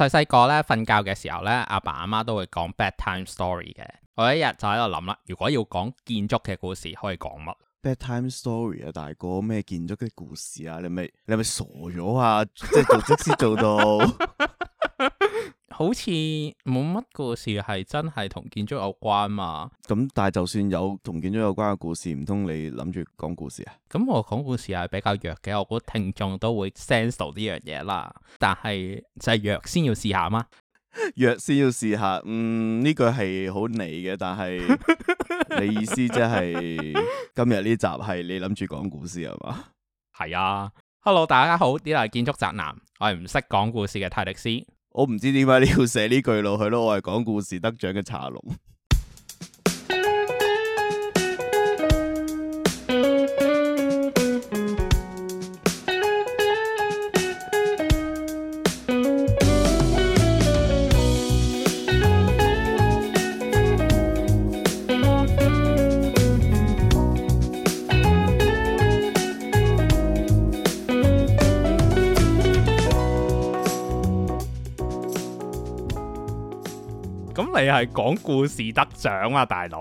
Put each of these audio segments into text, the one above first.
細細個咧，瞓覺嘅時候咧，阿爸阿媽都會講 bedtime story 嘅。我一日就喺度諗啦，如果要講建築嘅故事，可以講乜？Bedtime story 啊，大哥，咩建築嘅故事啊？你咪你咪傻咗啊？即係 做即時做到。 好似冇乜故事係真係同建築有關嘛？咁但係就算有同建築有關嘅故事，唔通你諗住講故事啊？咁我講故事係比較弱嘅，我估聽眾都會 sense 到呢樣嘢啦。但係就係、是、弱先要試下嘛，弱先要試下，嗯，呢句係好你嘅，但係 你意思即、就、係、是、 今日呢集係你諗住講故事係嘛？係啊，hello，大家好，呢係建築宅男，我係唔識講故事嘅泰迪斯。我唔知點解你要寫呢句落去咯，我係講故事得獎嘅查龍。 咁你係講故事得獎啊，大佬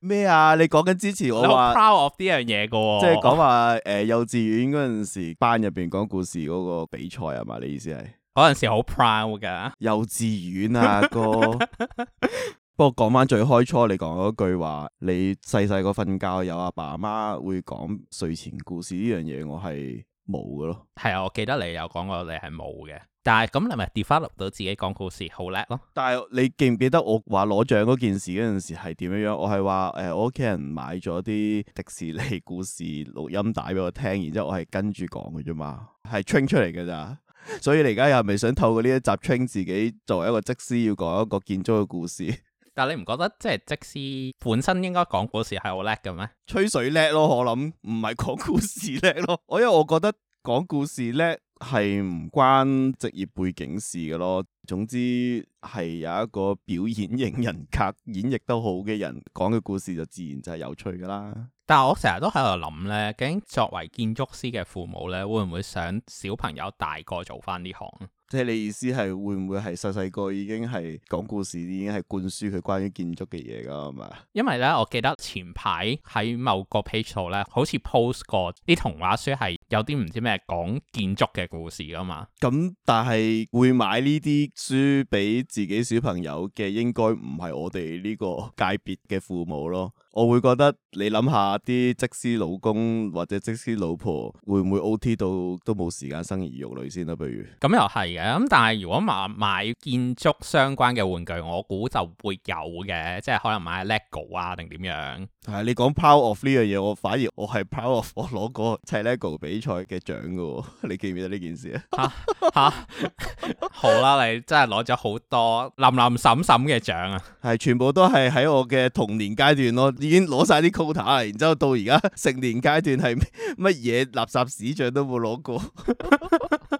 咩啊？你講緊之前我話 proud of 呢樣嘢嘅，即係講話，誒幼稚園嗰陣時班入邊講故事嗰個比賽係嘛？你意思係嗰陣時好 proud 噶？幼稚園啊，哥、那個。 不過講翻最開初你講嗰句話，你細細個瞓覺有阿爸阿媽會講睡前故事呢樣嘢，我係冇嘅咯。係啊，我記得你有講過你係冇嘅。但係咁，你咪 d e v 到自己講故事好叻咯？但係你記唔記得我話攞獎嗰件事嗰陣時係點樣樣？我係話誒，我屋企人買咗啲迪士尼故事錄音帶俾我聽，然之後我係跟住講嘅啫嘛，係 train 出嚟嘅咋。所以你而家又係咪想透過呢一集 train 自己作為一個即師要講一個建築嘅故事？但係你唔覺得即係即師本身應該講故事係好叻嘅咩？吹水叻咯，我諗唔係講故事叻咯。我因為我覺得講故事叻。係唔關職業背景的事嘅咯，總之係有一個表演型人格演繹得好嘅人，講嘅故事就自然就係有趣噶啦。但係我成日都喺度諗呢，究竟作為建築師嘅父母呢，會唔會想小朋友大個做翻呢行？即係你意思係會唔會係細細個已經係講故事已經係灌輸佢關於建築嘅嘢噶係嘛？因為咧我記得前排喺某個 page 咧，好似 post 過啲童話書係有啲唔知咩講建築嘅故事噶嘛。咁、嗯、但係會買呢啲書俾自己小朋友嘅，應該唔係我哋呢個界別嘅父母咯。我會覺得你諗下啲則師老公或者則師老婆會唔會 OT 到都冇時間生兒育女先啦？不如咁又係嘅咁，但係如果買買建築相關嘅玩具，我估就會有嘅，即係可能買 LEGO 啊，定點樣。係、啊、你講 power of 呢樣嘢，我反而我係 power of 我攞過砌 lego 比賽嘅獎噶，你記唔記得呢件事啊？吓 好啦，你真係攞咗好多淋淋沈沈嘅獎啊！係全部都係喺我嘅童年階段咯，已經攞晒啲 quota 啦，然之後到而家成年階段係乜嘢垃圾屎獎都冇攞過。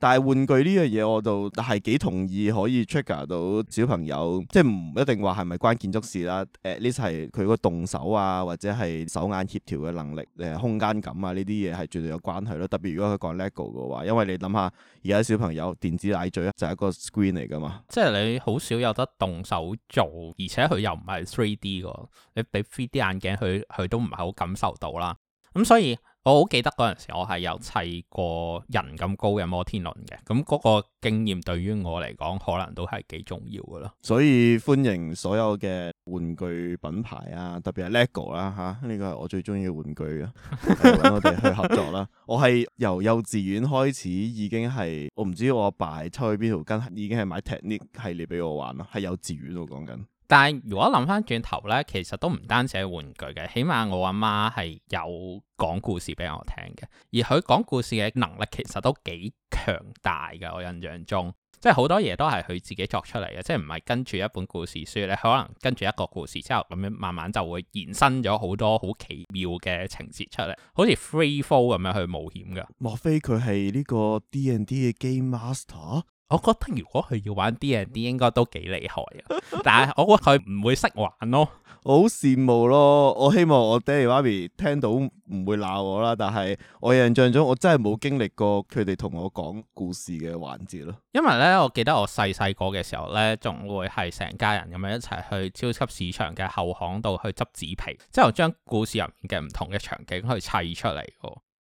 但係玩具呢樣嘢，我就係幾同意可以 trigger 到小朋友，即係唔一定話係咪關建築事啦。誒，at least 係佢個動手啊，或者係手眼協調嘅能力，誒，空間感啊呢啲嘢係絕對有關係咯。特別如果佢講 Lego 嘅話，因為你諗下而家小朋友電子奶嘴就係一個 screen 嚟噶嘛，即係你好少有得動手做，而且佢又唔係 three D 個，你俾 three D 眼鏡佢，佢都唔係好感受到啦。咁所以。我好記得嗰陣時，我係有砌過人咁高嘅摩天輪嘅，咁嗰個經驗對於我嚟講，可能都係幾重要噶咯。所以歡迎所有嘅玩具品牌啊，特別係 LEGO 啦，吓呢個係我最中意嘅玩具啊， 呃、揾我哋去合作啦。 我係由幼稚園開始已經係，我唔知我阿爸係抽去邊度，跟已經係買 Technic 系列俾我玩咯，喺幼稚園度講緊。但係如果諗翻轉頭呢，其實都唔單止係玩具嘅，起碼我阿媽係有講故事俾我聽嘅，而佢講故事嘅能力其實都幾強大嘅，我印象中，即係好多嘢都係佢自己作出嚟嘅，即係唔係跟住一本故事書呢，可能跟住一個故事之後咁樣，慢慢就會延伸咗好多好奇妙嘅情節出嚟，好似 free fall 咁樣去冒險嘅。莫非佢係呢個 D&D 嘅 game master？我覺得如果佢要玩 D and D 應該都幾厲害啊，但係我覺得佢唔會識玩咯，我好 羨慕咯，我希望我爹哋媽咪聽到唔會鬧我啦，但係我印象中我真係冇經歷過佢哋同我講故事嘅環節咯， 因為呢，我記得我細細個嘅時候呢，仲會係成家人咁樣一齊去超級市場嘅後巷度去執紙皮，之後將故事入面嘅唔同嘅場景去砌出嚟。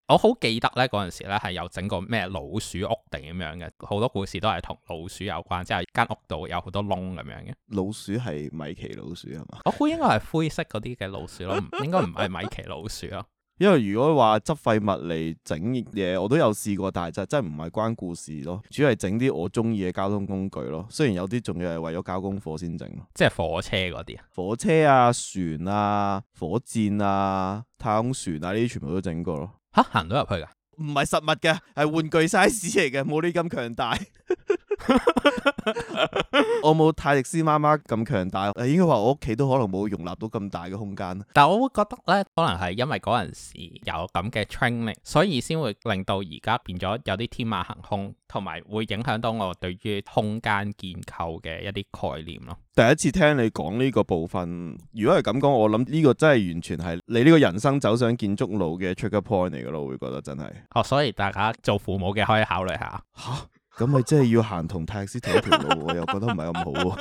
我好記得咧，嗰陣時咧係有整個咩老鼠屋定咁樣嘅好多故事都係同老鼠有關，即係間屋度有好多窿咁樣嘅老鼠係米奇老鼠係嘛？我估應該係灰色嗰啲嘅老鼠咯， 應該唔係米奇老鼠咯。因為如果話執廢物嚟整嘢，我都有試過，但係就真係唔係關故事咯，主要係整啲我中意嘅交通工具咯。雖然有啲仲要係為咗交功課先整，即係火車嗰啲啊，火車啊、船啊、火箭啊、太空船啊，呢啲全部都整過咯。吓行到入去噶，唔係實物嘅，係玩具 size 嚟嘅，冇呢咁強大。 我冇泰迪斯媽媽咁強大，應該話我屋企都可能冇容納到咁大嘅空間。但我會覺得咧，可能係因為嗰陣時有咁嘅 training，所以先會令到而家變咗有啲天馬行空，同埋會影響到我對於空間建構嘅一啲概念咯。第一次聽你講呢個部分，如果係咁講，我諗呢個真係完全係你呢個人生走上建築路嘅 trigger point 嚟噶咯，我會覺得真係。哦，oh, 所以大家做父母嘅可以考慮下。 咁咪真係要行同泰迪斯同一條路，我又覺得唔係咁好。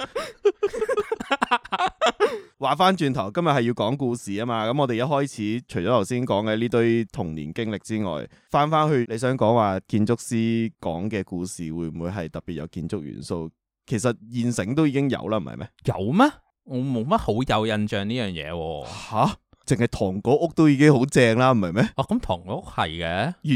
話翻轉頭，今日係要講故事啊嘛。咁我哋一開始除咗頭先講嘅呢堆童年經歷之外，翻翻去你想講話建築師講嘅故事，會唔會係特別有建築元素？其實現成都已經有啦，唔係咩？有咩？我冇乜好有印象呢樣嘢。吓！淨係糖果屋都已經好正啦，唔係咩？哦，咁糖果屋係嘅，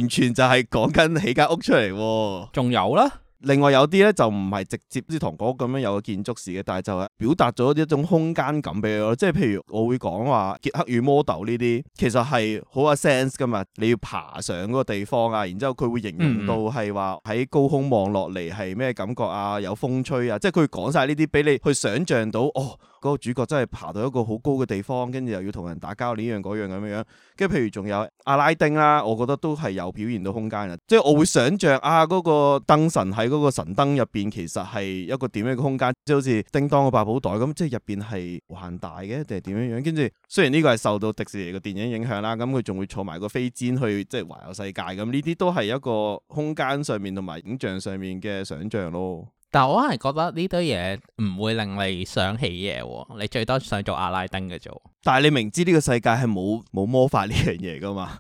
完全就係講緊起間屋出嚟啊。仲有啦，另外有啲咧，就唔係直接啲糖果屋咁樣有個建築史嘅，但係就係表達咗一種空間感俾佢，即係譬如我會講話《傑克與魔豆》呢啲，其實係好有 sense 噶嘛。你要爬上嗰個地方啊，然之後佢會形容到係話喺高空望落嚟係咩感覺啊，有風吹啊，即係佢講晒呢啲俾你去想象到哦。嗰個主角真係爬到一個好高嘅地方，跟住又要同人打交呢樣嗰樣咁樣，跟住譬如仲有阿拉丁啦，我覺得都係有表現到空間嘅，即係我會想像啊嗰個燈神喺嗰個神燈入邊其實係一個點樣嘅空間，即係好似叮當嘅百寶袋咁，即係入邊係無限大嘅定係點樣樣？跟住雖然呢個係受到迪士尼嘅電影影響啦，咁佢仲會坐埋個飛氈去即係環遊世界，咁呢啲都係一個空間上面同埋影像上面嘅想像咯。.但我係覺得呢堆嘢唔會令你想起嘢，你最多想做阿拉丁嘅啫。但係你明知呢個世界係冇冇魔法呢樣嘢噶嘛？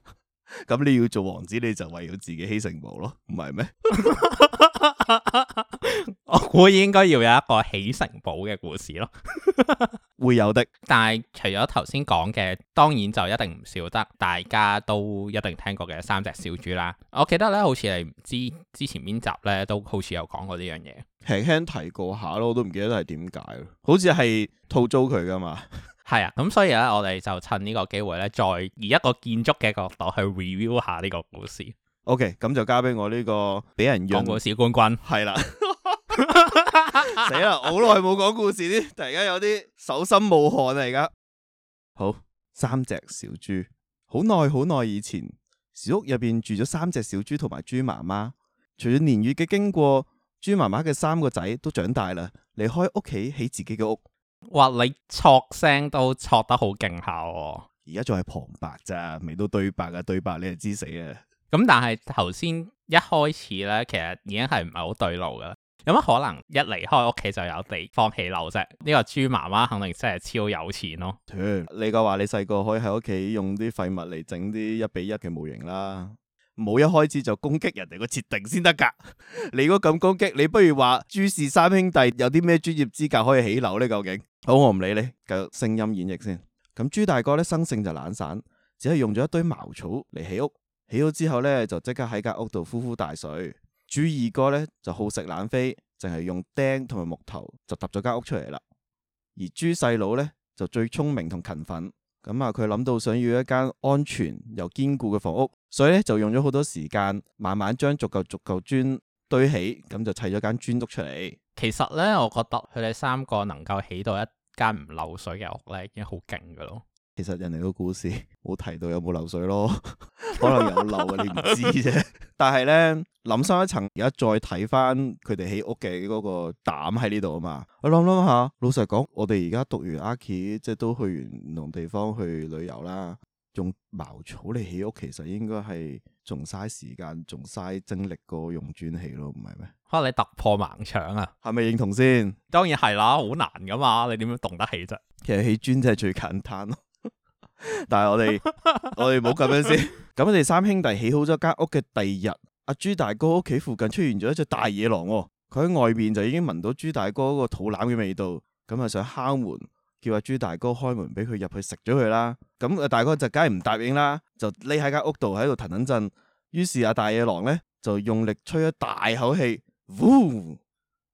咁 你要做王子，你就為咗自己起城堡咯，唔係咩？ 我估應該要有一個起城堡嘅故事咯， 會有的。但係除咗頭先講嘅，當然就一定唔少得，大家都一定聽過嘅三隻小豬啦。我記得咧，好似係之之前邊集咧，都好似有講過呢樣嘢，輕輕提過下咯，我都唔記得係點解。好似係套租佢噶嘛，係 啊。咁所以咧，我哋就趁呢個機會咧，再以一個建築嘅角度去 review 下呢個故事。O K，咁就交俾我呢個俾人用過小冠軍係啦，死啦！ 好耐冇講故事啲，突然間有啲手心冒汗嚟㗎。好，三隻小豬，好耐好耐以前，小屋入邊住咗三隻小豬同埋豬媽媽。隨住年月嘅經過，豬媽媽嘅三個仔都長大啦，離開屋企起自己嘅屋。哇，你錯聲都錯得好勁下，而家仲係旁白咋，未到對白啊！對白你就知死啊！咁但係頭先一開始咧，其實已經係唔係好對路噶。有乜可能一離開屋企就有地方起樓啫？呢、這個豬媽媽肯定真係超有錢咯。嗯、你個話你細個可以喺屋企用啲廢物嚟整啲一比一嘅模型啦，冇一開始就攻擊人哋個設定先得噶。 你如果咁攻擊，你不如話豬氏三兄弟有啲咩專業資格可以起樓呢？究竟好，我唔理你，繼續聲音演繹先。咁豬大哥咧生性就懶散，只係用咗一堆茅草嚟起屋。起好之後咧，就即刻喺間屋度呼呼大水。豬二哥咧就好食懶飛，淨係用釘同埋木頭就揼咗間屋出嚟啦。而豬細佬咧就最聰明同勤奮，咁啊佢諗到想要一間安全又堅固嘅房屋，所以咧就用咗好多時間，慢慢將逐嚿逐嚿磚堆起，咁就砌咗間磚屋出嚟。其實咧，我覺得佢哋三個能夠起到一間唔漏水嘅屋咧，已經好勁噶咯。其實人哋個故事冇提到有冇漏水咯，可能有漏啊你唔知啫。 但係咧諗深一層，而家再睇翻佢哋起屋嘅嗰個膽喺呢度啊嘛。我諗諗下，老實講，我哋而家讀完 Archi，即係都去完唔同地方去旅遊啦，用茅草嚟起屋，其實應該係仲嘥時間，仲嘥精力過用磚起咯，唔係咩？可能、啊、你突破盲腸啊？係咪認同先？當然係啦，好難噶嘛，你點樣動得起啫？其實起磚真係最簡單咯。 但係我哋，我哋唔好咁樣先。咁 我哋三兄弟起好咗間屋嘅第二日，阿、啊、朱大哥屋企附近出現咗一隻大野狼。哦，佢喺外邊就已經聞到朱大哥嗰個肚腩嘅味道，咁啊想敲門，叫阿朱大哥開門俾佢入去食咗佢啦。咁、啊、阿大哥就梗係唔答應啦，就匿喺間屋度喺度騰騰震。於是阿大野狼咧就用力吹一大口氣，嗚，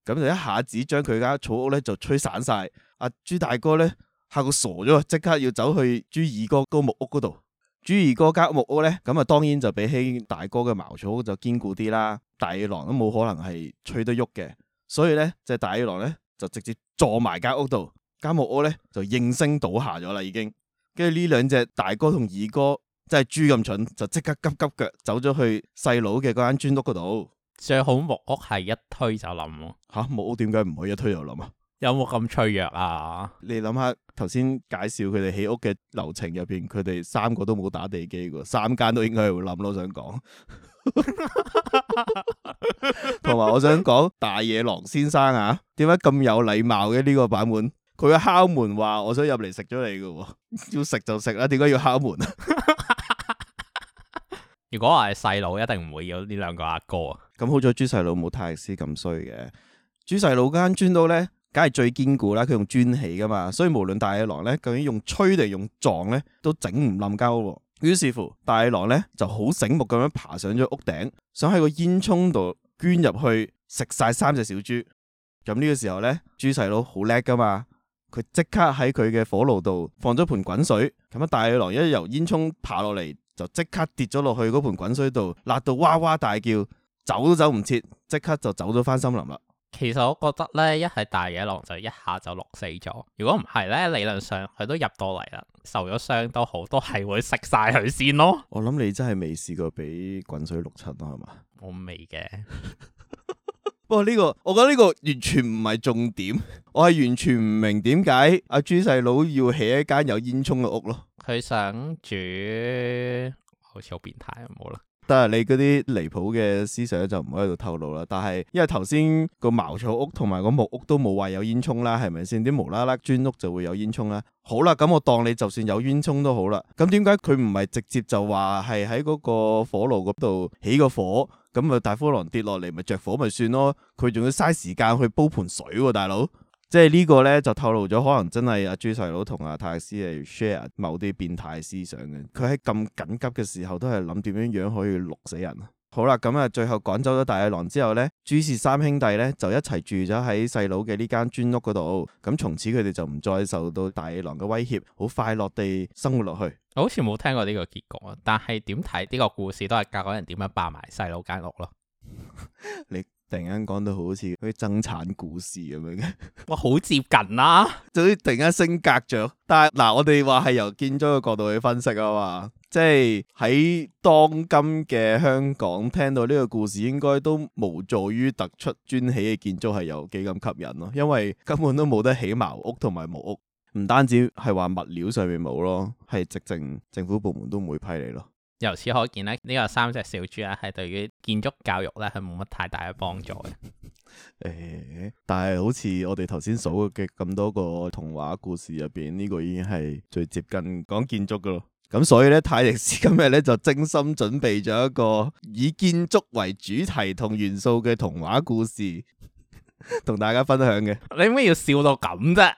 咁就一下子將佢間草屋咧就吹散晒。阿、啊、朱大哥咧。吓個傻咗，即刻要走去豬二哥個木屋嗰度。豬二哥間木屋咧，咁啊，當然就比起大哥嘅茅草就堅固啲啦。大二郎都冇可能係吹得喐嘅，所以咧，就大二郎咧就直接坐埋間屋度，間木屋咧就應聲倒下咗啦，已經。跟住呢兩隻大哥同二哥，即係豬咁蠢，就即刻急急腳走咗去細佬嘅嗰間磚屋嗰度。最好木屋係一推就冧咯、啊。吓、啊，木屋點解唔可以一推就冧啊？有冇咁脆弱啊？你諗下頭先介紹佢哋起屋嘅流程入邊，佢哋三個都冇打地基噶，三間都應該係會諗囉想講，同埋我想講 大野狼先生啊，點解咁有禮貌嘅呢、這個版本？佢敲門話我想入嚟食咗你噶，要食就食啦，點解要敲門啊？ 如果係細佬，一定唔會要兩哥哥 有呢兩個阿哥啊。咁好彩豬細佬冇泰迪斯咁衰嘅，豬細佬間磚到咧。梗係最堅固啦，佢用磚起噶嘛，所以無論大野狼呢，究竟用吹定用撞呢，都整唔冧膠喎。於是乎，大野狼呢就好醒目咁樣爬上咗屋頂，想喺個煙囪度捐入去食晒三隻小豬。咁呢個時候呢，豬細佬好叻噶嘛，佢即刻喺佢嘅火爐度放咗盆滾水。咁啊，大野狼一由煙囪爬落嚟，就即刻跌咗落去嗰盆滾水度，辣到哇哇大叫，走都走唔切，即刻就走咗翻森林啦。其實我覺得咧，一係大野狼就一下就淥死咗。如果唔係咧，理論上佢都入到嚟啦，受咗傷都好，都係會食晒佢先咯。我諗你真係未試過俾滾水淥親咯，係嘛？我未嘅。不過呢個，我覺得呢個完全唔係重點。我係完全唔明點解阿豬細佬要起一間有煙囪嘅屋咯。佢想住，好似好變態，冇啦。但係你嗰啲離譜嘅思想就唔可以喺度透露啦。但係因為頭先個茅草屋同埋個木屋都冇話有，有煙囪啦，係咪先？啲無啦啦磚屋就會有煙囪啦？好啦，咁我當你就算有煙囪都好啦。咁點解佢唔係直接就話係喺嗰個火爐嗰度起個火，咁啊大灰狼跌落嚟咪着火咪算咯？佢仲要嘥時間去煲盆水喎、啊，大佬。即係呢個咧，就透露咗可能真係阿、啊、豬細佬同阿泰斯係 share 某啲變態思想嘅。佢喺咁緊急嘅時候，都係諗點樣樣可以錄死人。好啦，咁、嗯、啊，最後趕走咗大野狼之後咧，豬氏三兄弟咧就一齊住咗喺細佬嘅呢間磚屋嗰度。咁、嗯、從此佢哋就唔再受到大野狼嘅威脅，好快樂地生活落去。我好似冇聽過呢個結局啊！但係點睇呢個故事都係教人點樣霸埋細佬間屋咯。 你？突然間講到好似啲爭產故事咁樣嘅， 哇，好接近啦、啊！就啲突然間升格咗，但係嗱，我哋話係由建築嘅角度去分析啊嘛，即係喺當今嘅香港聽到呢個故事，應該都無助於突出磚起嘅建築係有幾咁吸引咯，因為根本都冇得起茅屋同埋木屋，唔單止係話物料上面冇咯，係直情政府部門都唔會批你咯。由此可見咧，呢、這個三隻小豬咧，係對於建築教育咧，係冇乜太大嘅幫助嘅。誒、 欸，但係好似我哋頭先數嘅咁多個童話故事入邊，呢、這個已經係最接近講建築㗎咯。咁所以咧，泰迪斯今日咧就精心準備咗一個以建築為主題同元素嘅童話故事，同 大家分享嘅。你咩要笑到咁啫？吓、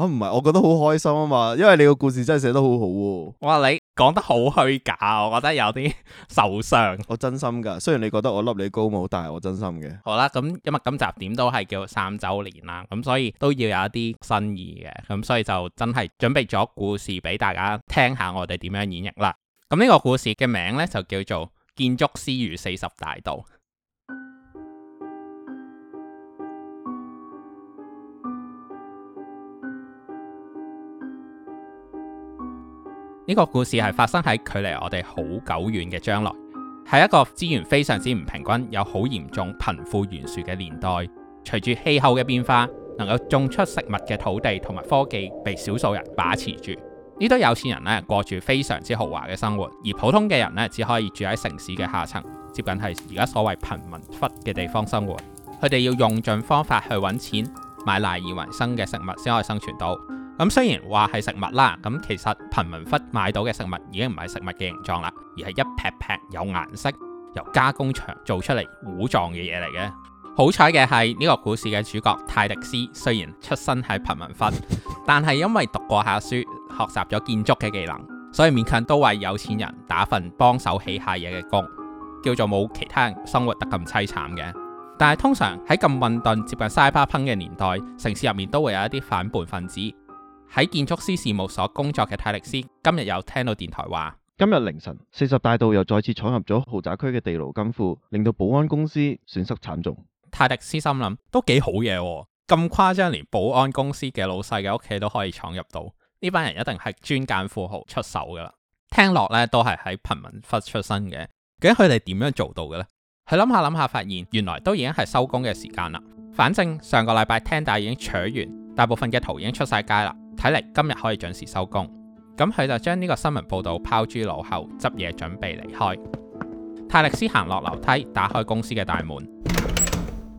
啊，唔係，我覺得好開心啊嘛，因為你個故事真係寫得好好、啊。我話你，講得好虛假，我覺得有啲受傷。我真心㗎，雖然你覺得我笠你高帽，但係我真心嘅。好啦，咁因為今集點都係叫三週年啦，咁所以都要有一啲新意嘅，咁所以就真係準備咗故事俾大家聽下，我哋點樣演繹啦。咁呢個故事嘅名呢，就叫做《建築師與四十大盜》。呢個故事係發生喺距離我哋好久遠嘅將來，係一個資源非常之唔平均、有好嚴重貧富懸殊嘅年代。隨住氣候嘅變化，能夠種出食物嘅土地同埋科技被少數人把持住。呢堆有錢人呢，過住非常之豪華嘅生活，而普通嘅人呢，只可以住喺城市嘅下層，接近係而家所謂貧民窟嘅地方生活。佢哋要用盡方法去揾錢，買賴以為生嘅食物先可以生存到。咁雖然話係食物啦，咁其實貧民窟買到嘅食物已經唔係食物嘅形狀啦，而係一撇撇有顏色由加工場做出嚟糊狀嘅嘢嚟嘅。好彩嘅係呢個故事嘅主角泰迪斯，雖然出身喺貧民窟，但係因為讀過下書，學習咗建築嘅技能，所以勉強都為有錢人打份幫手起下嘢嘅工，叫做冇其他人生活得咁凄慘嘅。但係通常喺咁混沌接近 cyberpunk 嘅年代，城市入面都會有一啲反叛分子。喺建築師事務所工作嘅泰迪斯今日又聽到電台話，今日凌晨四十大盜又再次闖入咗豪宅區嘅地牢金庫，令到保安公司損失慘重。泰迪斯心諗，都幾好嘢喎，咁誇張，連保安公司嘅老細嘅屋企都可以闖入到，呢班人一定係專揀富豪出手噶啦。聽落咧都係喺貧民窟出身嘅，究竟佢哋點樣做到嘅呢？」佢諗下諗下，發現原來都已經係收工嘅時間啦。反正上個禮拜聽帶已經取完，大部分嘅圖已經出晒街啦。睇嚟今日可以準時收工，咁佢就將呢個新聞報導拋諸腦後，執嘢準備離開。泰迪斯行落樓梯，打開公司嘅大門。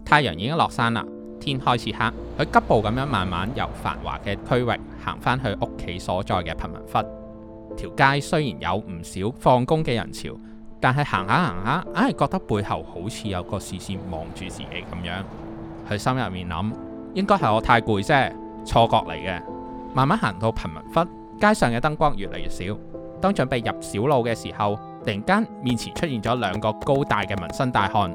太陽已經落山啦，天開始黑。佢急步咁樣，慢慢由繁華嘅區域行返去屋企所在嘅貧民窟。條街雖然有唔少放工嘅人潮，但係行下行下，硬係覺得背後好似有個視線望住自己咁樣。佢心入面諗，應該係我太攰啫，錯覺嚟嘅。慢慢行到貧民窟，街上嘅燈光越嚟越少。當準備入小路嘅時候，突然間面前出現咗兩個高大嘅紋身大漢。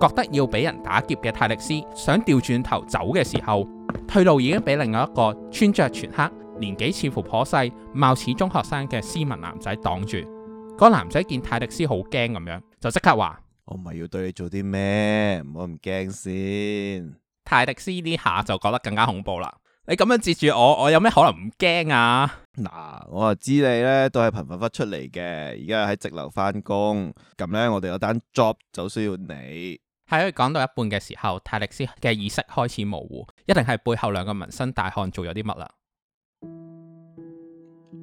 覺得要俾人打劫嘅泰迪斯想調轉頭走嘅時候，退路已經俾另外一個穿着全黑、年紀似乎頗細、貌似中學生嘅斯文男仔擋住。個男仔見泰迪斯好驚咁樣，就即刻話：我唔係要對你做啲咩，唔好咁驚先。泰迪斯呢下就覺得更加恐怖啦。你咁樣截住我，我有咩可能唔驚啊？嗱，我就知你呢都係頻頻忽出嚟嘅。而家喺直流翻工，咁呢，我哋有單 job 就需要你。喺佢講到一半嘅時候，泰迪斯嘅意識開始模糊，一定係背後兩個紋身大漢做咗啲乜啦？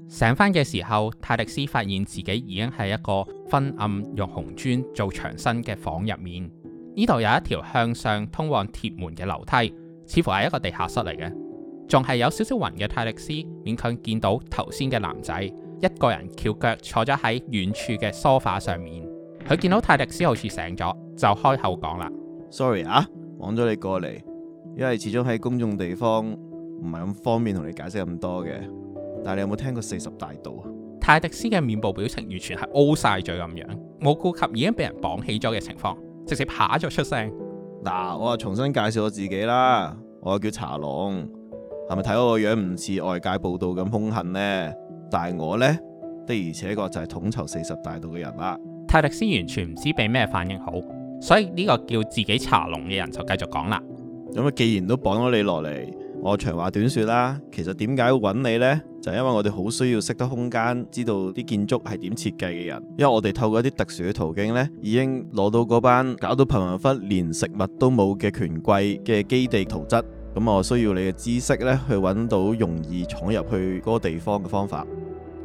醒翻嘅時候，泰迪斯發現自己已經喺一個昏暗用紅磚做牆身嘅房入面。呢度有一條向上通往鐵門嘅樓梯，似乎係一個地下室嚟嘅。仲係有少少暈嘅泰迪斯勉強見到頭先嘅男仔一個人翹腳坐咗喺遠處嘅梳化上面。佢見到泰迪斯好似醒咗，就開口講啦，sorry 啊，綁咗你過嚟，因為始終喺公眾地方唔係咁方便同你解釋咁多嘅。但係你有冇聽過四十大盜？泰迪斯嘅面部表情完全係 O 晒嘴咁樣，冇顧及已經俾人綁起咗嘅情況，直接拍咗出聲。嗱，我又重新介紹我自己啦，我叫查龍。係咪睇我個樣唔似外界報道咁凶狠呢？但係我呢，的而且確就係統籌四十大盜嘅人啦。泰迪斯完全唔知俾咩反應好，所以呢個叫自己查龍嘅人就繼續講啦。咁啊、嗯，既然都綁咗你落嚟，我長話短說啦。其實點解要揾你呢？就係、因為我哋好需要識得空間，知道啲建築係點設計嘅人，因為我哋透過一啲特殊嘅途徑呢，已經攞到嗰班搞到貧民窟連食物都冇嘅權貴嘅基地圖則。咁我需要你嘅知識咧，去揾到容易闖入去嗰個地方嘅方法。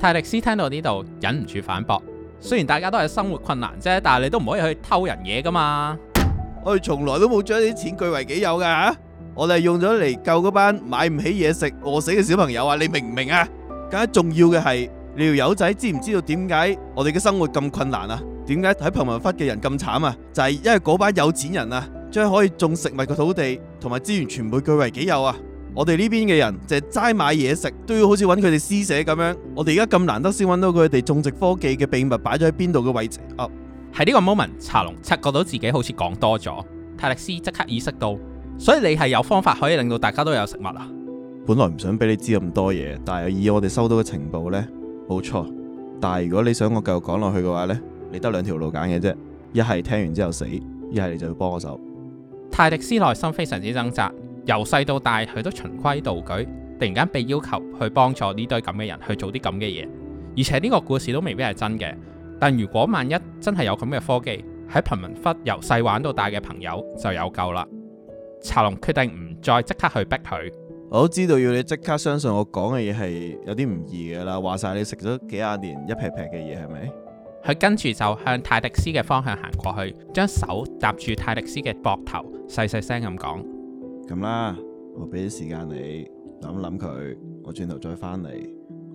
泰迪斯聽到呢度，忍唔住反駁：雖然大家都係生活困難啫，但係你都唔可以去偷人嘢噶嘛！我哋從來都冇將啲錢據為己有噶，我哋用咗嚟救嗰班買唔起嘢食、餓死嘅小朋友啊！你明唔明啊？更加重要嘅係，你條友仔知唔知道點解我哋嘅生活咁困難啊？點解喺貧民窟嘅人咁慘啊？就係因為嗰班有錢人啊！將可以種食物嘅土地同埋資源全部據為己有啊！我哋呢邊嘅人淨係齋買嘢食，都要好似搵佢哋施捨咁樣。我哋而家咁難得先搵到佢哋種植科技嘅秘密擺咗喺邊度嘅位置。哦、oh，喺呢個 moment，查龍察覺到自己好似講多咗。泰迪斯即刻意識到，所以你係有方法可以令到大家都有食物啊？本來唔想俾你知咁多嘢，但係以我哋收到嘅情報呢，冇錯。但係如果你想我繼續講落去嘅話呢，你得兩條路揀嘅啫，一係聽完之後死，一係你就要幫我手。泰迪斯內心非常之掙扎，由細到大佢都循規蹈矩，突然間被要求去幫助呢堆咁嘅人去做啲咁嘅嘢，而且呢個故事都未必係真嘅。但如果萬一真係有咁嘅科技，喺貧民窟由細玩到大嘅朋友就有救啦。查龍決定唔再即刻去逼佢。我都知道要你即刻相信我講嘅嘢係有啲唔易噶啦，話晒你食咗幾廿年一劈劈嘅嘢係咪？佢跟住就向泰迪斯嘅方向行過去，將手搭住泰迪斯嘅膊頭，細細聲咁講：咁啦，我俾啲時間你諗諗佢，我轉頭再返嚟，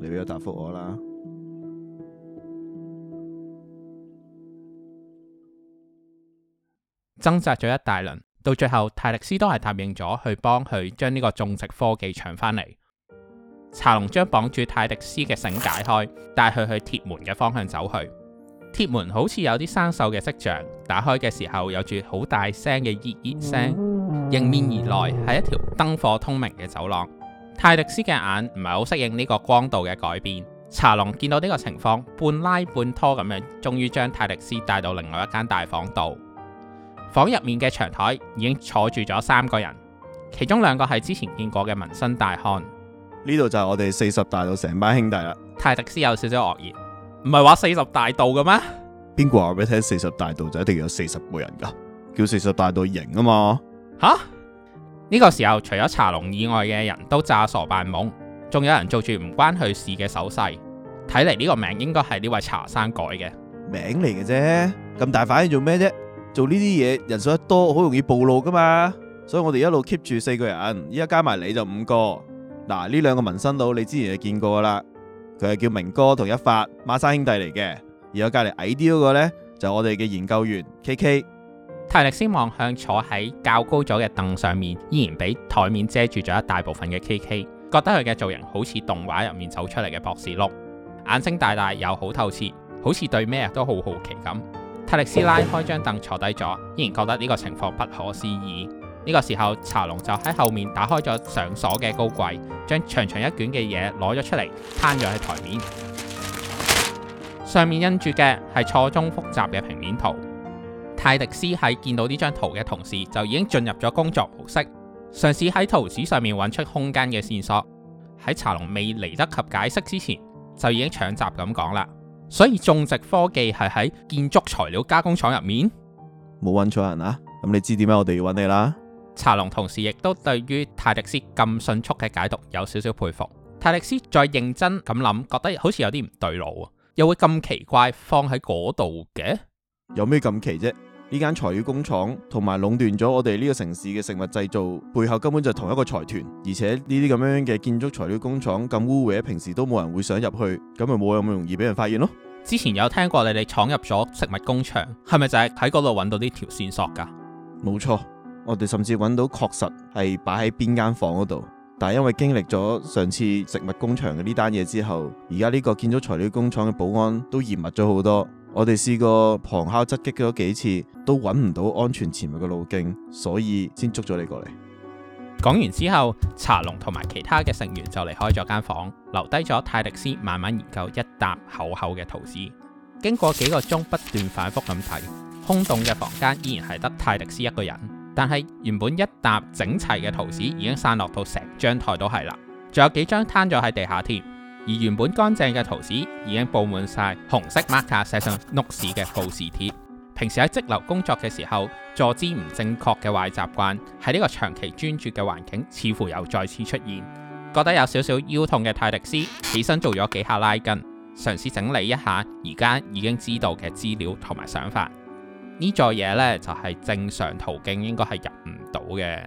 你俾個答覆我啦。掙扎咗一大輪，到最後泰迪斯都係答應咗去幫佢將呢個種植科技搶返嚟。查龍將綁住泰迪斯嘅繩解開，帶佢去鐵門嘅方向走去。鐵門好似有啲生鏽嘅跡象，打開嘅時候有住好大聲嘅熱熱聲，迎面而來係一條燈火通明嘅走廊。泰迪斯嘅眼唔係好適應呢個光度嘅改變。查龍見到呢個情況，半拉半拖咁樣，終於將泰迪斯帶到另外一間大房度。房入面嘅長台已經坐住咗三個人，其中兩個係之前見過嘅紋身大漢。呢度就係我哋四十大盜成班兄弟啦。泰迪斯有少少愕然。唔係話四十大盜嘅咩？邊個話俾你聽四十大盜就一定有四十個人噶？叫四十大盜型啊嘛！吓，呢個時候除咗查龍以外嘅人都詐傻扮懵，仲有人做住唔關佢事嘅手勢。睇嚟呢個名應該係呢位茶生改嘅名嚟嘅啫。咁大反應做咩啫？做呢啲嘢人數一多，好容易暴露噶嘛。所以我哋一路 keep 住四個人，依家加埋你就五個。嗱，呢兩個紋身佬你之前就見過啦。佢係叫明哥同一發孖生兄弟嚟嘅，而我隔籬矮啲嗰個呢，就係、我哋嘅研究員 K K。泰迪斯望向坐喺較高咗嘅凳上面，依然俾台面遮住咗一大部分嘅 K K，覺得佢嘅造型好似動畫入面走出嚟嘅博士祿，眼睛大大又好透徹，好似對咩都好好奇咁。泰迪斯拉開張凳坐低咗，依然覺得呢個情況不可思議。呢個時候，茶龍就喺後面打開咗上鎖嘅高櫃，將長長一卷嘅嘢攞咗出嚟，攤咗喺台面。上面印住嘅係錯綜複雜嘅平面圖。泰迪斯喺見到呢張圖嘅同時，就已經進入咗工作模式，嘗試喺圖紙上面揾出空間嘅線索。喺茶龍未嚟得及解釋之前，就已經搶閘咁講啦。所以種植科技係喺建築材料加工廠入面？冇揾錯人啊！咁你知點解我哋要揾你啦？查龍同時亦都對於泰迪斯咁迅速嘅解讀有少少佩服。泰迪斯再認真咁諗，覺得好似有啲唔對路啊，又會咁奇怪放喺嗰度嘅？有咩咁奇啫？呢間材料工廠同埋壟斷咗我哋呢個城市嘅食物製造，背後根本就同一個財團。而且呢啲咁樣嘅建築材料工廠咁污穢，平時都冇人會想入去，咁咪冇咁容易俾人發現咯。之前有聽過你哋闖入咗食物工廠，係咪就係喺嗰度揾到呢條線索噶？冇錯。我哋甚至揾到確實係擺喺邊間房嗰度，但係因為經歷咗上次食物工廠嘅呢單嘢之後，而家呢個建築材料工廠嘅保安都嚴密咗好多。我哋試過旁敲側擊咗幾次，都揾唔到安全潛入嘅路徑，所以先捉咗你過嚟。講完之後，查龍同埋其他嘅成員就離開咗間房，留低咗泰迪斯慢慢研究一沓厚厚嘅圖紙。經過幾個鐘不斷反覆咁睇，空洞嘅房間依然係得泰迪斯一個人。但係原本一沓整齊嘅圖紙已經散落到成張台都係啦，仲有幾張攤咗喺地下添。而原本乾淨嘅圖紙已經布滿曬紅色 marker 寫上“屋屎”嘅告示貼。平時喺則樓工作嘅時候，坐姿唔正確嘅壞習慣喺呢個長期專注嘅環境，似乎又再次出現。覺得有少少腰痛嘅泰迪斯起身做咗幾下拉筋，嘗試整理一下而家已經知道嘅資料同埋想法。呢座嘢呢，就係正常途徑應該係入唔到嘅，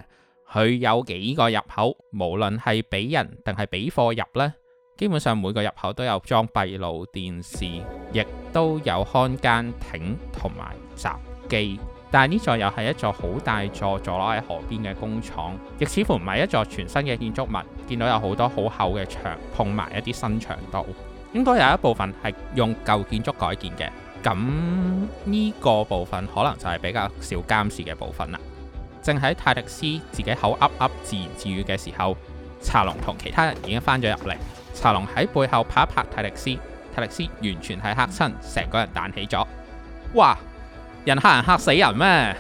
佢有幾個入口，無論係俾人定係俾貨入呢，基本上每個入口都有裝閉路電視，亦都有看更亭同埋閘機。但係呢座又係一座好大座座落喺河邊嘅工廠，亦似乎唔係一座全新嘅建築物，見到有好多好厚嘅牆，碰埋一啲新牆度，應該有一部分係用舊建築改建嘅。咁呢個部分可能就係比較少監視嘅部分啦。正喺泰迪斯自己口噏噏自言自語嘅時候，查龍同其他人已經翻咗入嚟。查龍喺背後拍一拍泰迪斯，泰迪斯完全係吓親，成個人彈起咗。哇！人吓人吓死人咩啊？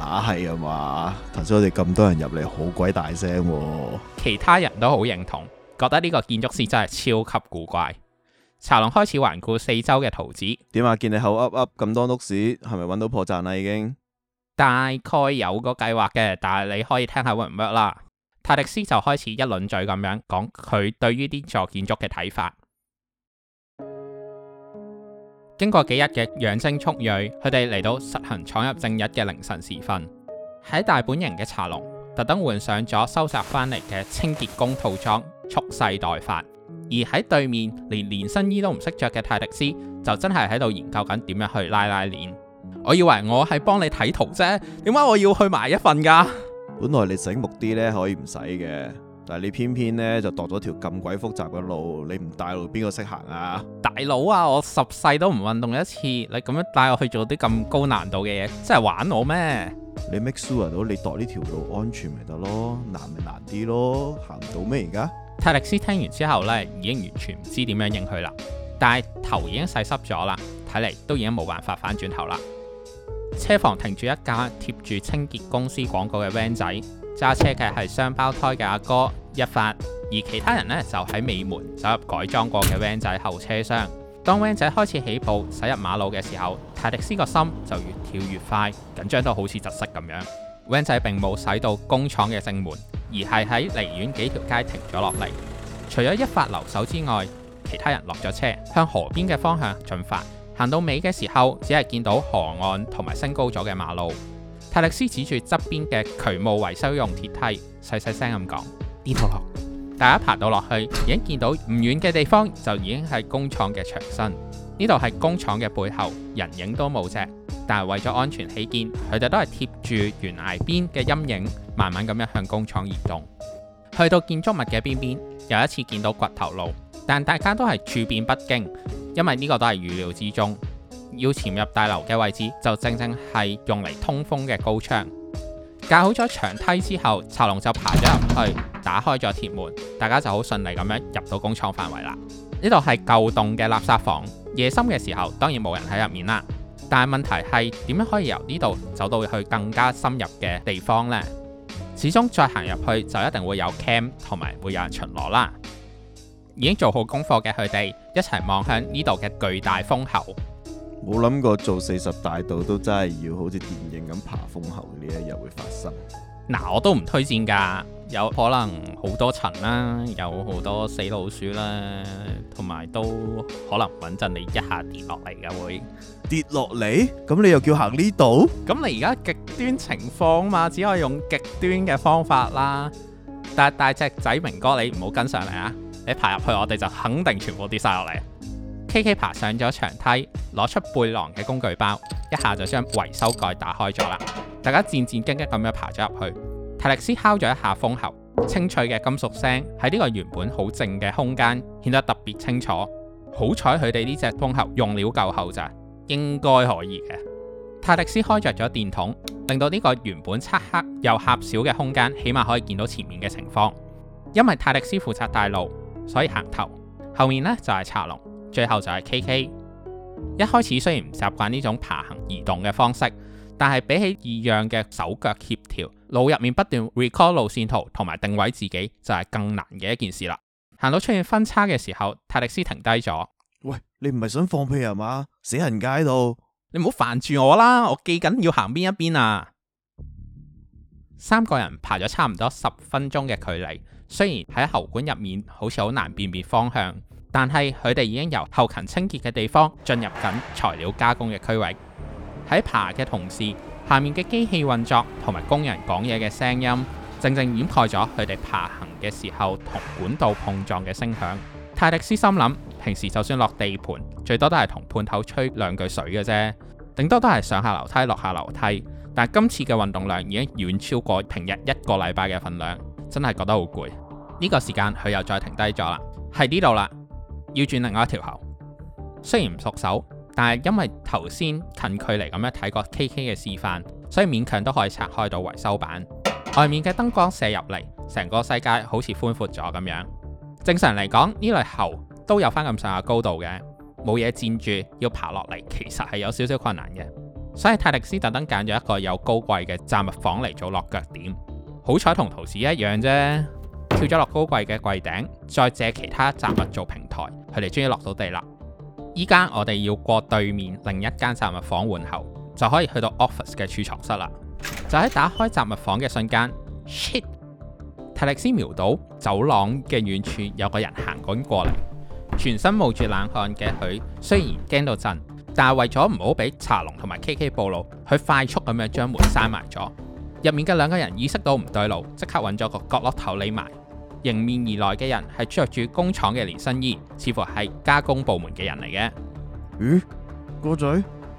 嗱係啊嘛，頭先我哋咁多人入嚟，好鬼大聲啊。其他人都好認同，覺得呢個建築師真係超級古怪。茶龍開始環顧四周嘅圖紙，點啊？見你口噏噏咁多碌屎，係咪揾到破綻啦？已經大概有個計劃嘅，但係你可以聽下會唔會啦。泰迪斯就開始一輪嘴咁樣講佢對於啲座建築嘅睇法。經過幾日嘅養精蓄銳，佢哋嚟到實行闖入正日嘅凌晨時分，喺大本營嘅茶龍特登換上咗收集翻嚟嘅清潔工套裝，蓄勢待發。而喺對面連連身衣都唔識着嘅泰迪斯，就真係喺度研究緊點樣去拉拉鏈。我以為我係幫你睇圖啫，點解我要去埋一份㗎？本來你醒目啲呢可以唔使嘅，但係你偏偏呢就度咗條咁鬼複雜嘅路，你唔帶路邊個識行啊？大佬啊，我十世都唔運動一次，你咁樣帶我去做啲咁高難度嘅嘢，真係玩我咩？你 make sure 到你度呢條路安全咪得咯？難咪難啲咯？行唔到咩而家？泰迪斯聽完之後呢，已經完全唔知點樣應佢啦，但係頭已經洗濕咗啦，睇嚟都已經冇辦法反轉頭啦。車房停住一架貼住清潔公司廣告嘅 van 仔，揸車嘅係雙胞胎嘅阿哥一發，而其他人呢，就喺尾門走入改裝過嘅 van 仔後車廂。當 van 仔開始起步駛入馬路嘅時候，泰迪斯個心就越跳越快，緊張到好似窒息咁樣。van 仔並冇駛到工廠嘅正門。而係喺離遠幾條街停咗落嚟，除咗一發留守之外，其他人落咗車，向河邊嘅方向進發。行到尾嘅時候，只係見到河岸同埋升高咗嘅馬路。泰迪斯指住側邊嘅渠務維修用鐵梯，細細聲咁講：跌落，大家爬到落去，已經見到唔遠嘅地方就已經係工廠嘅牆身。呢度係工廠嘅背後，人影都冇隻。但係為咗安全起見，佢哋都係貼住懸崖邊嘅陰影，慢慢咁樣向工廠移動。去到建築物嘅邊邊，有一次見到掘頭路，但大家都係處變不驚，因為呢個都係預料之中。要潛入大樓嘅位置，就正正係用嚟通風嘅高窗。架好咗長梯之後，查龍就爬咗入去，打開咗鐵門，大家就好順利咁樣入到工廠範圍啦。呢度係舊棟嘅垃圾房。夜深嘅時候，當然冇人喺入面啦。但係問題係點樣可以由呢度走到去更加深入嘅地方呢？始終再行入去就一定會有 cam 同埋會有人巡邏啦。已經做好功課嘅佢哋一齊望向呢度嘅巨大風喉。冇諗過做四十大盜都真係要好似電影咁爬風喉，呢一日會發生。嗱、啊，我都唔推薦㗎，有可能好多塵啦，有好多死老鼠啦，同埋都可能穩陣你一下跌落嚟㗎會跌落嚟，咁你又叫行呢度？咁你而家極端情況嘛，只可以用極端嘅方法啦。但係大隻仔明哥你唔好跟上嚟啊，你爬入去我哋就肯定全部跌晒落嚟。K.K. 爬上咗長梯，攞出背囊嘅工具包，一下就將維修蓋打開咗啦。大家戰戰兢兢咁樣爬咗入去。泰迪斯敲咗一下風喉，清脆嘅金屬聲喺呢個原本好靜嘅空間顯得特別清楚。好彩佢哋呢隻風喉用料夠厚咋，應該可以嘅。泰迪斯開着咗電筒，令到呢個原本漆黑又狹小嘅空間起碼可以見到前面嘅情況。因為泰迪斯負責帶路，所以行頭後面呢，就係、是、查龍。最後就係 K K。一開始雖然唔習慣呢種爬行移動嘅方式，但係比起異樣嘅手腳協調，路入面不斷 recall 路線圖同埋定位自己就係更難嘅一件事啦。行到出現分叉嘅時候，泰迪斯停低咗。喂，你唔係想放屁啊嘛？死人街度，你唔好煩住我啦！我記緊要行邊一邊啊。三個人爬咗差唔多十分鐘嘅距離，雖然喺喉管入面好似好難辨別方向。但係佢哋已經由後勤清潔嘅地方進入緊材料加工嘅區域。喺爬嘅同時，下面嘅機器運作同埋工人講嘢嘅聲音，正正掩蓋咗佢哋爬行嘅時候同管道碰撞嘅聲響。泰迪斯心諗，平時就算落地盤，最多都係同判頭吹兩句水嘅啫，頂多都係上下樓梯落下樓梯。但今次嘅運動量已經遠超過平日一個禮拜嘅份量，真係覺得好攰。呢個時間佢又再停低咗啦，喺呢度啦。要轉另外一條喉，雖然唔熟手，但係因為頭先近距離咁樣睇過 K.K. 嘅示範，所以勉強都可以拆開到維修板。外面嘅燈光射入嚟，成個世界好似寬闊咗咁樣。正常嚟講，呢類喉都有翻咁上下高度嘅，冇嘢佔住要爬落嚟，其實係有少少困難嘅。所以泰迪斯特登揀咗一個有高位嘅雜物房嚟做落腳點，好彩同圖紙一樣啫。跳咗落高櫃嘅櫃頂，再借其他雜物做平台，佢哋終於落到地啦。依家我哋要過對面另一間雜物房門後，就可以去到 office 嘅儲藏室啦。就喺打開雜物房嘅瞬間，shit！泰力斯瞄到走廊嘅遠處有個人行緊過嚟，全身冒住冷汗嘅佢雖然驚到震，但係為咗唔好俾查龍同埋 K.K. 暴露，佢快速咁樣將門閂埋咗。入面嘅兩個人意識到唔對路，即刻揾咗個角落頭匿埋。迎面而來嘅人係着住工廠嘅連身衣，似乎係加工部門嘅人嚟嘅。咦，哥仔，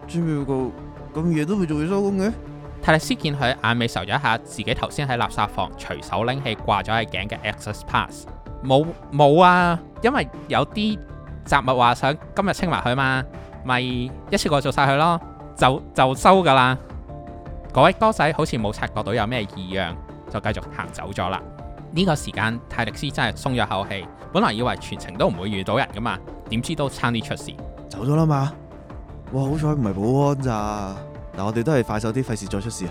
知唔知個咁夜都會做嘢收工嘅？泰迪斯見佢眼尾愁咗一下，自己頭先喺垃圾房隨手拎起掛咗喺頸嘅 access pass。冇冇啊，因為有啲雜物話想今日清埋佢嘛，咪一次過做晒佢咯，就就收噶啦。嗰位哥仔好似冇察覺到有咩異樣，就繼續行走咗啦。呢個時間，泰迪斯真係鬆咗口氣。本來以為全程都唔會遇到人噶嘛，點知都差啲出事。走咗啦嘛！哇，好彩唔係保安咋。嗱，我哋都係快手啲，費事再出事。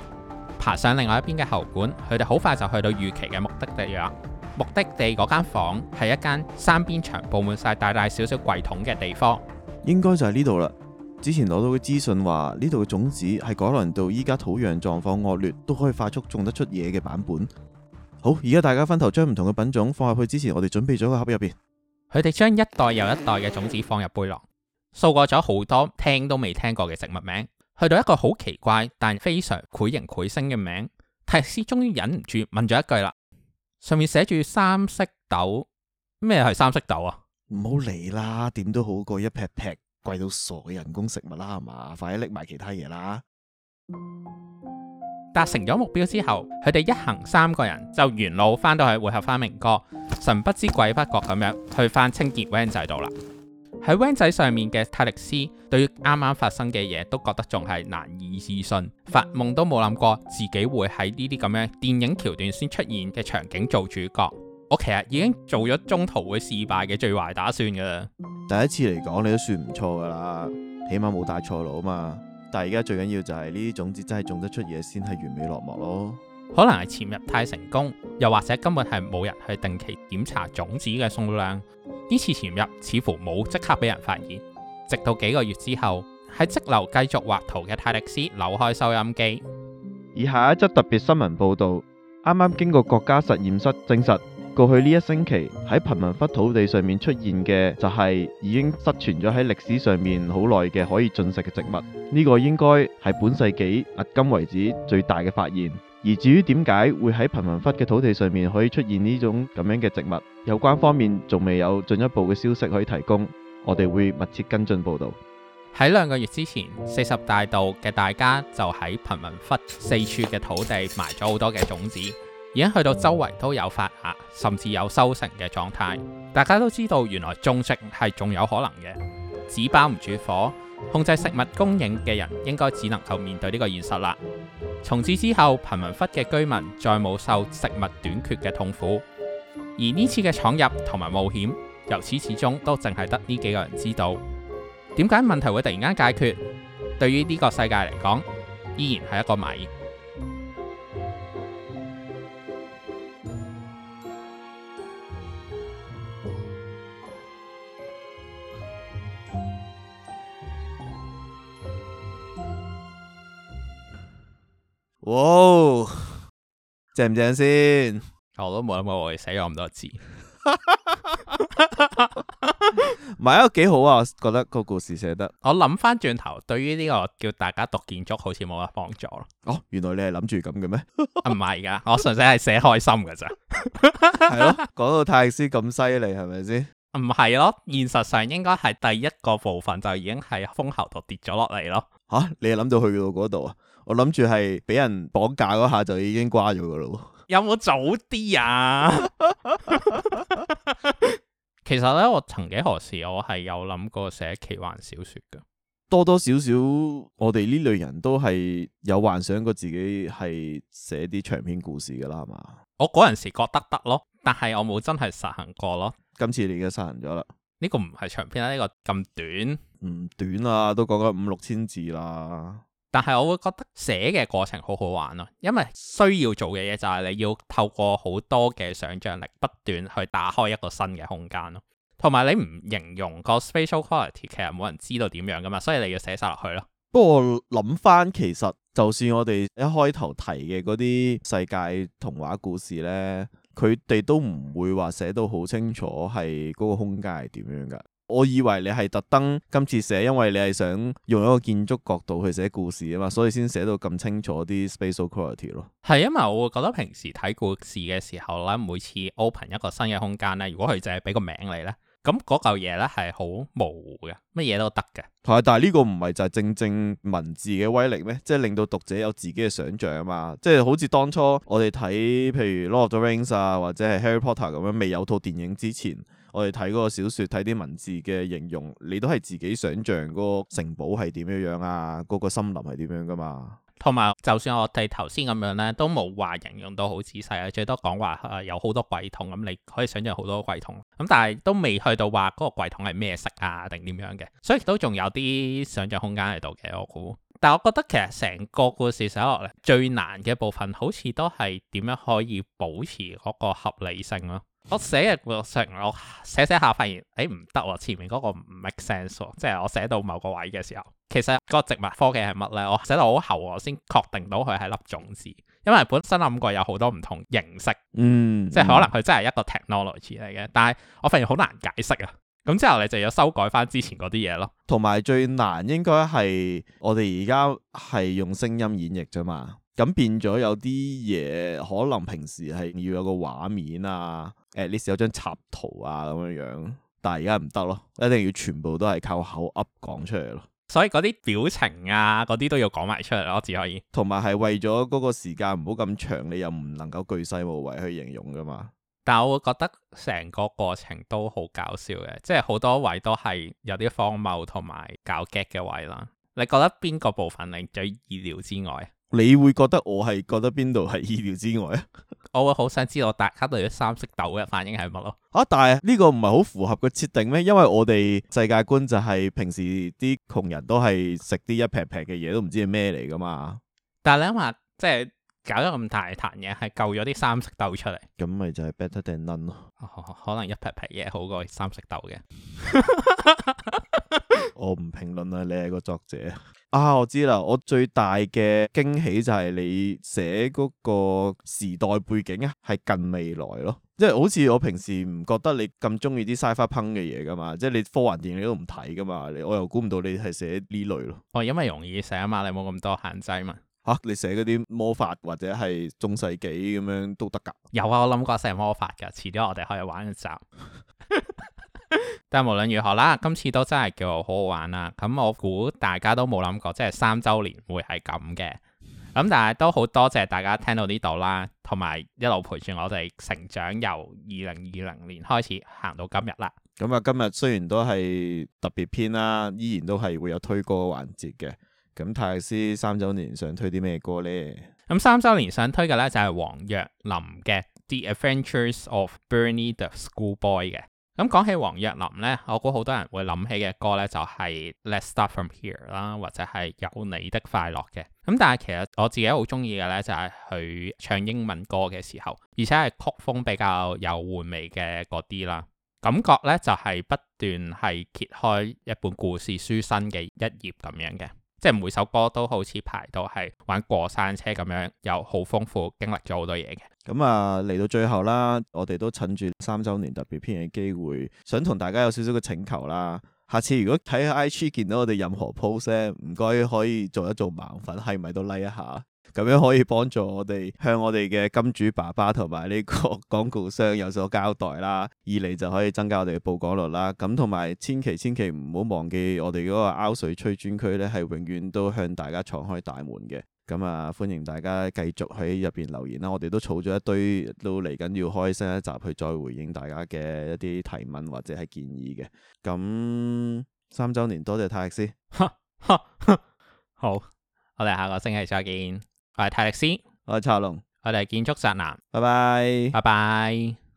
爬上另外一邊嘅喉管，佢哋好快就去到預期嘅目的地啦。目的地嗰間房，係一間三邊牆布滿晒大大小小櫃桶嘅地方。應該就喺呢度啦。之前攞到嘅資訊話，呢度嘅種子係改良到依家土壤狀況惡劣，都可以快速種得出嘢嘅版本。好，而家大家分頭將唔同嘅品種放入去之前，我哋準備咗個盒入邊。佢哋將一袋又一袋嘅種子放入背囊，掃過咗好多聽都未聽過嘅食物名，去到一個好奇怪但非常繪形繪聲嘅名。泰斯終於忍唔住問咗一句啦：上面寫住三色豆，咩係三色豆啊？唔好理啦，點都好過一劈劈貴到傻嘅人工食物啦，係嘛？快啲搦埋其他嘢啦。達成咗目標之後，佢哋一行三個人就沿路翻到去會合翻明哥，神不知鬼不覺咁樣去翻清潔 van 仔度啦。喺 van 仔上面嘅泰力斯對啱啱發生嘅嘢都覺得仲係難以置信，發夢都冇諗過自己會喺呢啲咁樣電影橋段先出現嘅場景做主角。我其實已經做咗中途會事敗嘅最壞打算噶啦。第一次嚟講，你都算唔錯噶啦，起碼冇帶錯路啊嘛。但而家最緊要就係呢啲種子真係種得出嘢先係完美落幕咯。可能係潛入太成功，又或者根本係冇人去定期檢查種子嘅數量。呢次潛入似乎冇即刻俾人發現，直到幾個月之後，喺積流繼續畫圖嘅泰迪斯扭開收音機，以下一則特別新聞報道啱啱經過國家實驗室證實。過去呢一星期喺貧民窟土地上面出現嘅就係已經失傳咗喺歷史上面好耐嘅可以進食嘅植物，呢個應該係本世紀迄今為止最大嘅發現。而至於點解會喺貧民窟嘅土地上面可以出現呢種咁樣嘅植物，有關方面仲未有進一步嘅消息可以提供，我哋會密切跟進報道。喺兩個月之前，四十大盜嘅大家就喺貧民窟四處嘅土地埋咗好多嘅種子。而家去到周圍都有發芽，甚至有收成嘅狀態。大家都知道，原來種植係仲有可能嘅。紙包唔住火，控制食物供應嘅人應該只能夠面對呢個現實啦。從此之後，貧民窟嘅居民再冇受食物短缺嘅痛苦。而呢次嘅闖入同埋冒險，由始至終都淨係得呢幾個人知道。點解問題會突然間解決？對於呢個世界嚟講，依然係一個謎。哦，正唔正先？我都冇諗過會寫咁多字，唔係啊，幾好啊！我覺得個故事寫得。我諗翻轉頭，對於呢個叫大家讀建築，好似冇乜幫助咯。哦，原來你係諗住咁嘅咩？唔係噶，我純粹係寫開心噶咋。係 咯， 講到泰迪斯咁犀利，係咪先？唔係咯，現實上應該係第一個部分就已經係風喉度跌咗落嚟咯。吓、啊，你係諗到去到嗰度啊？我諗住係俾人綁架嗰下就已經瓜咗噶咯，有冇早啲啊？其實咧，我曾幾何時我係有諗過寫奇幻小說噶，多多少少我哋呢類人都係有幻想過自己係寫啲長篇故事噶啦，係嘛？我嗰陣時覺得得咯，但係我冇真係實行過咯。今次你嘅實行咗啦，呢個唔係長篇啦，呢個咁短。唔短啊，都講咗五六千字啦。但係我會覺得寫嘅過程好好玩咯，啊，因為需要做嘅嘢就係你要透過好多嘅想象力，不斷去打開一個新嘅空間咯，啊。同埋你唔形容個 spatial quality，其實冇人知道點樣噶、啊、嘛，所以你要寫晒落去咯，啊。不過諗翻，其實就算我哋一開頭提嘅嗰啲世界童話故事呢，佢哋都唔會話寫到好清楚係嗰個空間係點樣噶。我以為你係特登今次寫，因為你係想用一個建築角度去寫故事啊嘛，所以先寫到咁清楚啲 spatial quality 咯。係，因為我會覺得平時睇故事嘅時候咧，每次 open 一個新嘅空間咧，如果佢淨係俾個名你咧，咁嗰嚿嘢咧係好模糊嘅，乜嘢都得嘅。係，但係呢個唔係就係正正文字嘅威力咩？即係令到讀者有自己嘅想象啊嘛，即係好似當初我哋睇譬如 Lord of the Rings 啊，或者係 Harry Potter 咁樣，未有套電影之前。我哋睇嗰個小說，睇啲文字嘅形容，你都係自己想象嗰個城堡係點樣樣啊，嗰個森林係點樣噶嘛？同埋，就算我哋頭先咁樣咧，都冇話形容到好仔細啊，最多講話誒有好多櫃桶咁，你可以想象好多櫃桶咁，但係都未去到話嗰個櫃桶係咩色啊，定點樣嘅？所以都仲有啲想象空間喺度嘅，我估。但係我覺得其實成個故事寫落嚟最難嘅部分，好似都係點樣可以保持嗰個合理性咯。我寫嘅過程，我寫寫下發現，誒唔得喎，前面嗰個唔 make sense 喎，啊，即係我寫到某個位嘅時候，其實個植物科技係乜咧？我寫到好後，我先確定到佢係粒種子，因為本身諗過有好多唔同形式，嗯，即係可能佢真係一個 technology 嚟嘅，嗯、但係我發現好難解釋啊。咁之後你就要修改返之前嗰啲嘢咯，同埋最難應該係我哋而家係用聲音演繹啫嘛。咁變咗有啲嘢，可能平時係要有個畫面啊，誒，至少有張插圖啊，咁樣樣，但係而家唔得咯，一定要全部都係靠口噏講出嚟咯。所以嗰啲表情啊，嗰啲都要講埋出嚟咯，只可以同埋係為咗嗰個時間唔好咁長，你又唔能夠巨細無遺去形容㗎嘛？但我會覺得成個過程都好搞笑嘅，即係好多位都係有啲荒謬同埋搞 gag 嘅位啦。你覺得邊個部分係最意料之外？你會覺得我係覺得邊度係意料之外啊？ 我會好想知道大家對啲三色豆嘅反應係乜咯？啊，但係呢個唔係好符合個設定咩？因為我哋世界觀就係平時啲窮人都係食啲一劈劈嘅嘢，都唔知係咩嚟噶嘛。但係你諗下，即、就、係、是、搞咗咁大壇嘢，係救咗啲三色豆出嚟，咁咪、嗯、就係 better than none 咯、哦？可能一劈劈嘢好過三色豆嘅。 我唔評論啦，你係個作者。啊！我知啦，我最大嘅驚喜就係你寫嗰個時代背景啊，係近未來咯。即係好似我平時唔覺得你咁中意啲 Cyberpunk 嘅嘢噶嘛，即係你科幻電影你都唔睇噶嘛。我又估唔到你係寫呢類咯。哦，因為容易寫啊嘛，你冇咁多限制嘛。嚇、啊！你寫嗰啲魔法或者係中世紀咁樣都得噶。有啊，我諗過寫魔法噶，遲啲我哋可以玩一集。 但無論如何啦，今次都真係叫好好玩啦。咁、嗯、我估大家都冇諗過，即係三周年會係咁嘅。咁、嗯、但係都好多謝大家聽到呢度啦，同埋一路陪住我哋成長，由二零二零年開始行到今日啦。咁啊，今日雖然都係特別篇啦，依然都係會有推歌環節嘅。咁泰斯三周年想推啲咩歌呢？咁、嗯、三周年想推嘅呢，就係、是、王若琳嘅《The Adventures of Bernie the Schoolboy》嘅。咁講起王若琳呢，我估好多人會諗起嘅歌呢，就係，就係《Let's Start From Here》啦，或者係《有你的快樂》嘅。咁但係其實我自己好中意嘅呢，就係佢唱英文歌嘅時候，而且係曲風比較有回味嘅嗰啲啦，感覺呢，就係不斷係揭開一本故事書新嘅一頁咁樣嘅。即係每首歌都好似排到係玩過山車咁樣，又好豐富，經歷咗好多嘢嘅。咁啊，嚟到最後啦，我哋都趁住三周年特別篇嘅機會，想同大家有少少嘅請求啦。下次如果睇下 IG 見到我哋任何 post，唔該可以做一做盲粉，係咪都 like 一下？咁樣可以幫助我哋向我哋嘅金主爸爸同埋呢個廣告商有所交代啦，二嚟，就可以增加我哋嘅曝光率啦。咁同埋千祈千祈唔好忘記我哋嗰個凹水吹專區咧，係永遠都向大家敞開大門嘅。咁、嗯、啊，歡迎大家繼續喺入邊留言啦。我哋都儲咗一堆，都嚟緊要開新一集去再回應大家嘅一啲提問或者係建議嘅。咁、嗯、三周年多謝泰克斯， 好，我哋下個星期再見。我係泰迪斯，我係查龍，我哋係建築宅男，拜拜，拜拜。